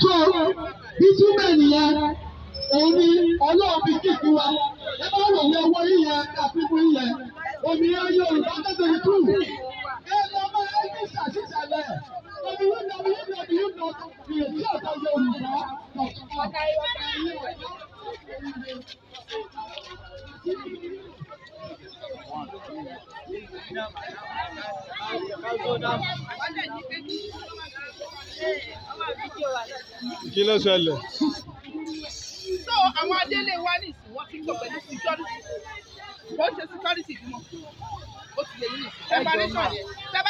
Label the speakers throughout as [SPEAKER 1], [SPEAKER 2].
[SPEAKER 1] so bísúmẹ̀ nìyẹn òun ni ọlọ́run fi kíkú wa ẹ bá wọ̀ ní ọwọ́ yíyẹn àfikún yíyẹn òmìnira yorùbá tẹ̀sán ikú
[SPEAKER 2] ẹ lọ bá ẹni ṣàṣìṣàlẹ̀ www.yorùbá.com kí ló ṣẹlẹ̀. so àwọn adélé wa ní ìsìn wọn ti ń gbọ́ pẹ̀lú security wọ́n ṣe security jùmọ̀ ó ti lè yí preparation yẹn. The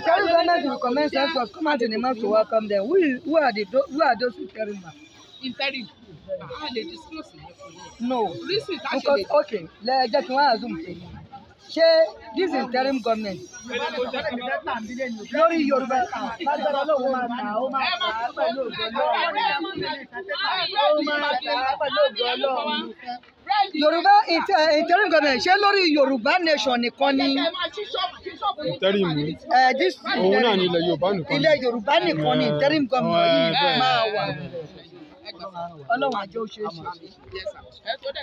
[SPEAKER 2] Italian government will commence efforts come out in a month to welcome them. Who, who are the who are those interim? Interim. Ah, they disclose it. No. because okay, let just one assume ṣé this interim government lórí yorùbá lágbára ló máa ta ó máa ta pẹ̀lú ògo ọlọ́run ó máa ta pẹ̀lú ògo ọlọ́run. yorùbá interim government ṣé lórí yorùbá nation nìkan ni. interim eh, òun náà ni ilẹ̀ yorùbá nìkan ni. ilẹ̀ yorùbá nìkan ni interim government máa wà. ọlọ́run àjọ ó ṣe é ṣe.